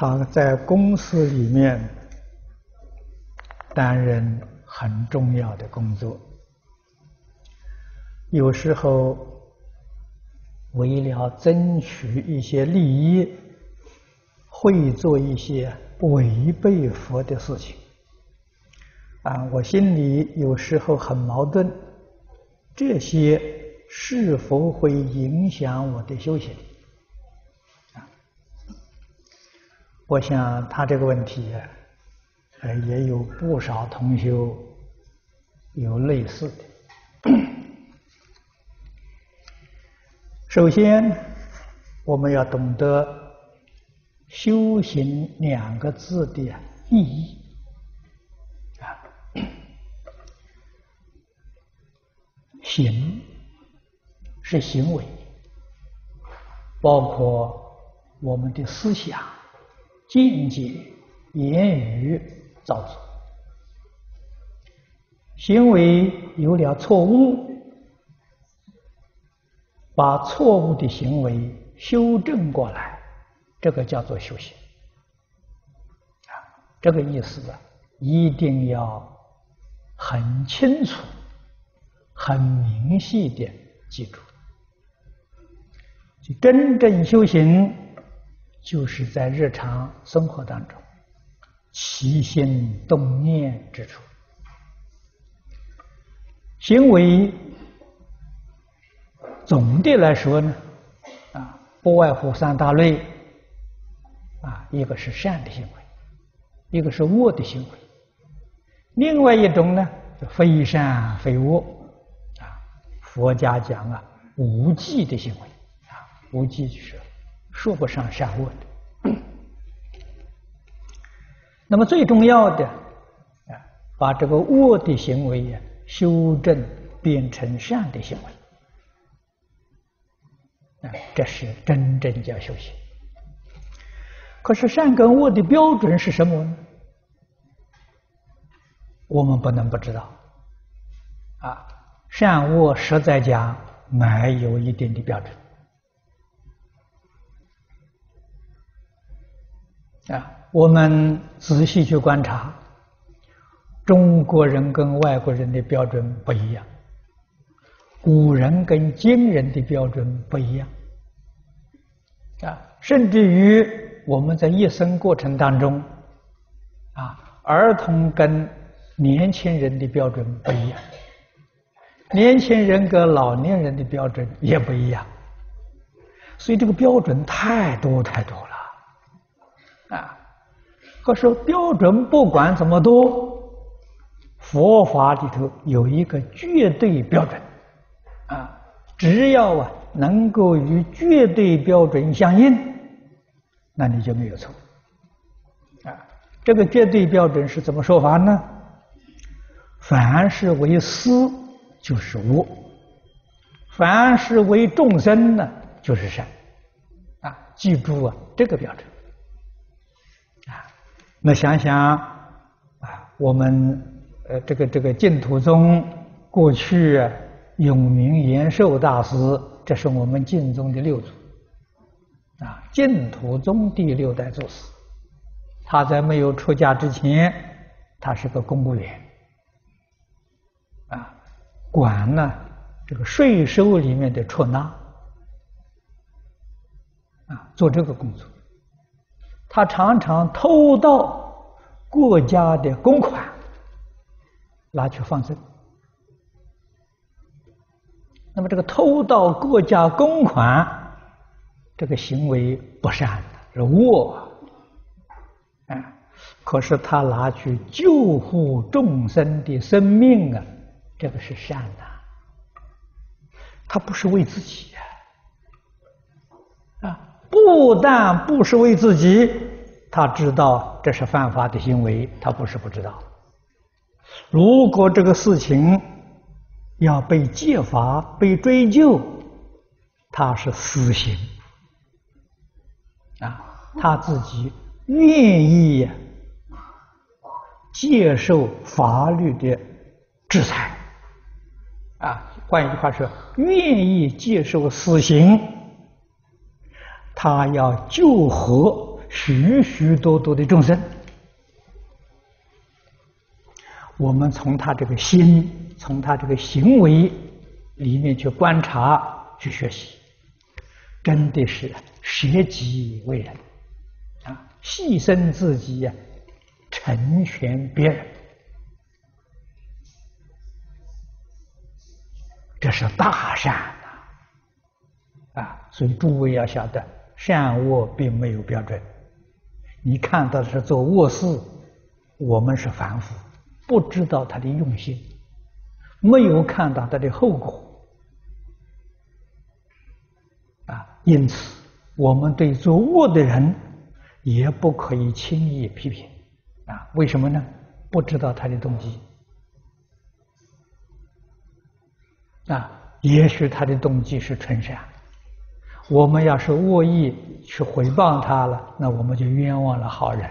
他在公司裡面擔任很重要的工作，有時候為了爭取一些利益，會做一些違背佛的事情啊！我心裡有時候很矛盾，這些是否會影響我的修行？我想他這個問題，呃，也有不少同修有類似的。首先，我們要懂得“修行”兩個字的意義。啊，行是行為，包括我們的思想。境界、言語造作，行為有了錯誤，把錯誤的行為修正過來，這個叫做修行。啊，這個意思啊，一定要很清楚、很明晰地記住。真正修行。就是在日常生活當中起心動念之處，行為總的來說呢，啊，不外乎三大類，啊，一個是善的行為，一個是惡的行為，另外一種呢，就非善非惡，啊，佛家講啊，無記的行為，啊，無記就是。說不上善惡的，那麼最重要的啊，把這個惡的行為修正變成善的行為，啊，這是真正叫修行。可是善跟惡的標準是什麼呢？我們不能不知道啊，善惡實在講沒有一定的標準。啊，我們仔細去觀察，中國人跟外國人的標準不一樣，古人跟今人的標準不一樣，啊，甚至於我們在一生過程當中，啊，兒童跟年輕人的標準不一樣，年輕人跟老年人的標準也不一樣，所以這個標準太多太多了。啊！可是標準不管怎麼多，佛法裡頭有一個絕對標準，啊，只要啊能夠與絕對標準相應，那你就沒有錯。啊，這個絕對標準是怎麼說法呢？凡是為私就是惡，凡是為眾生呢就是善。啊，記住啊這個標準。那想想啊，我們呃、這個，這個這個淨土宗過去永明延壽大師，這是我們淨土宗的六祖啊，淨土宗第六代祖師，他在沒有出家之前，他是個公務員啊，管了這個稅收裡面的出納啊，做這個工作。他常常偷盜國家的公款，拿去放生。那麼，這個偷盜國家公款，這個行為不善的，是惡。哎，可是他拿去救護眾生的生命啊，這個是善的。他不是為自己。不但不是為自己，他知道這是犯法的行為，他不是不知道。如果這個事情要被揭發、被追究，他是死刑啊！他自己願意接受法律的制裁啊！換一句話說，願意接受死刑。他要救活許許多多的眾生，我們從他這個心，從他這個行為裡面去觀察、去學習，真的是捨己為人啊，犧牲自己呀、啊，成全別人，這是大善吶！啊，所以諸位要曉得。善惡並沒有標準，你看到的是做惡事，我們是凡夫，不知道他的用心，沒有看到他的後果，啊，因此我們對做惡的人也不可以輕易批評，啊，為什麼呢？不知道他的動機，啊，也許他的動機是純善。我們要是惡意去回報他了，那我們就冤枉了好人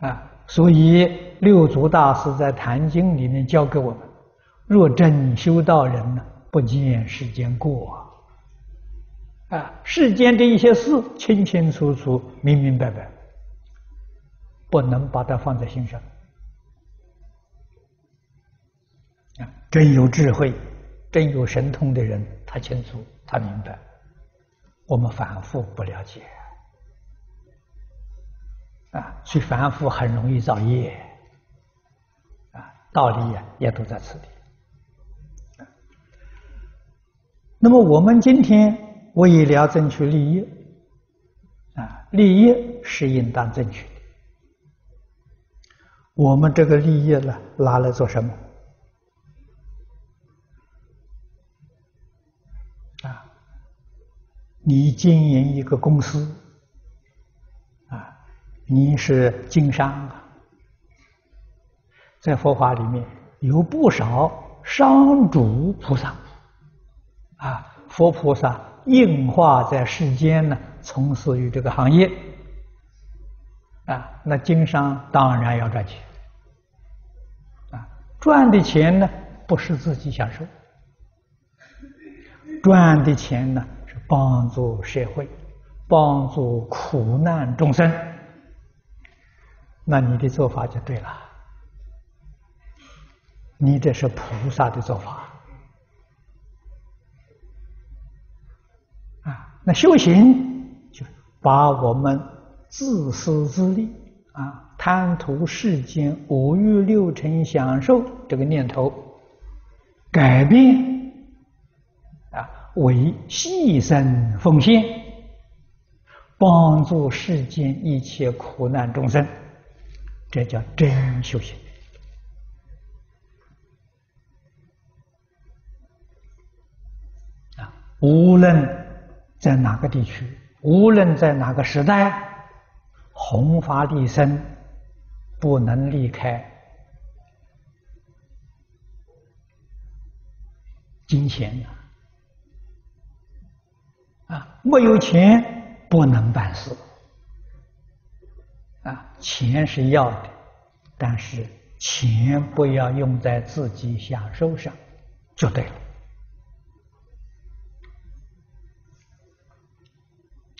啊！所以六祖大師在《壇經》裡面教給我們：若真修道人呢，不見世間過啊！啊，世間的一些事清清楚楚、明明白白，不能把它放在心上。真有智慧、真有神通的人，他清楚，他明白。我們凡夫不了解啊，所以凡夫很容易造業啊，道理呀、啊、也都在此地。那麼我們今天我也要爭取利益，啊，利益是應當爭取的。我們這個利益呢，拿來做什麼？啊，你經營一個公司，啊，你是經商，在佛法裡面有不少商主菩薩，啊，佛菩薩應化在世間呢，從事於這個行業，啊，那經商當然要賺錢，啊，賺的錢呢不是自己享受。賺的錢呢是幫助社會，幫助苦難眾生，那你的做法就對了，你這是菩薩的做法啊！那修行就是把我們自私自利啊、貪圖世間五欲六塵享受這個念頭改變為犧牲奉獻，幫助世間一切苦難眾生，這叫真修行。啊，無論在哪個地區，無論在哪個時代，弘法利生不能離開金錢呢。啊，沒有錢不能辦事。啊，錢是要的，但是錢不要用在自己享受上，就對了。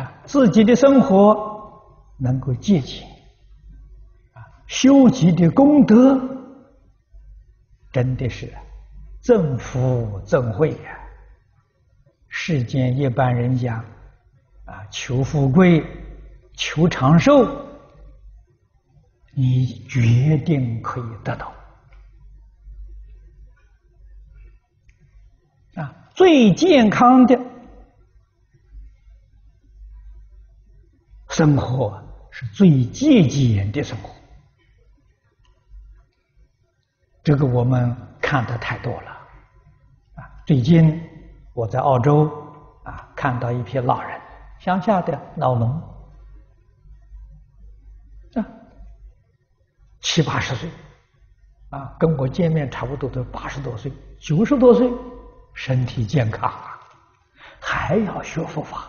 啊，自己的生活能夠節儉啊，修積的功德真的是增福增慧呀，啊。世間一般人家，啊，求富貴、求長壽，你決定可以得到。啊，最健康的生活是最節儉的生活。這個我們看得太多了，啊，最近。我在澳洲啊，看到一批老人，鄉下的老農，啊，七八十歲，啊，跟我見面差不多都八十多歲、九十多歲，身體健康，還要學佛法。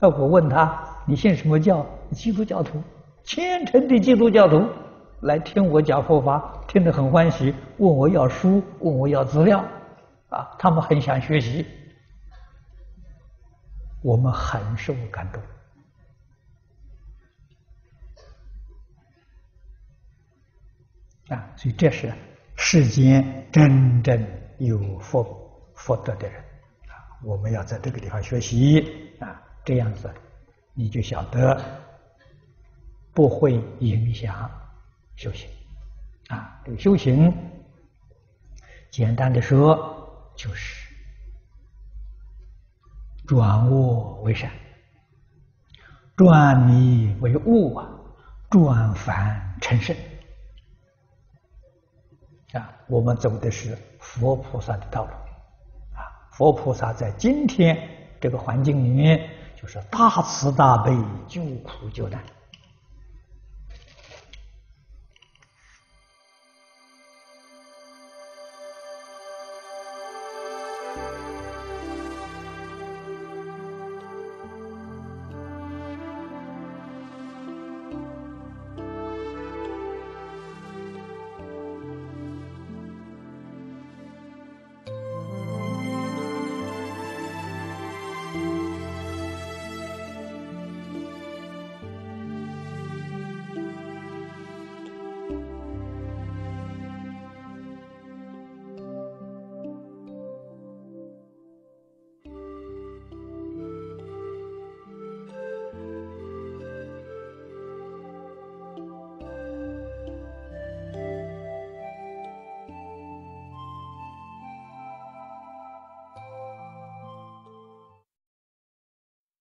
我問他：“你信什麼教？”“基督教徒，虔誠的基督教徒。”來聽我講佛法，聽得很歡喜，問我要書，問我要資料，啊，他們很想學習。我們很受感動啊！所以這是世間真正有福福德的人啊，我們要在這個地方學習啊，這樣子你就曉得不會影響修行啊。這個修行，簡單的說就是。轉惡為善，轉迷為悟，轉凡成聖啊！我們走的是佛菩薩的道路啊！佛菩薩在今天這個環境裡面，就是大慈大悲，救苦救難。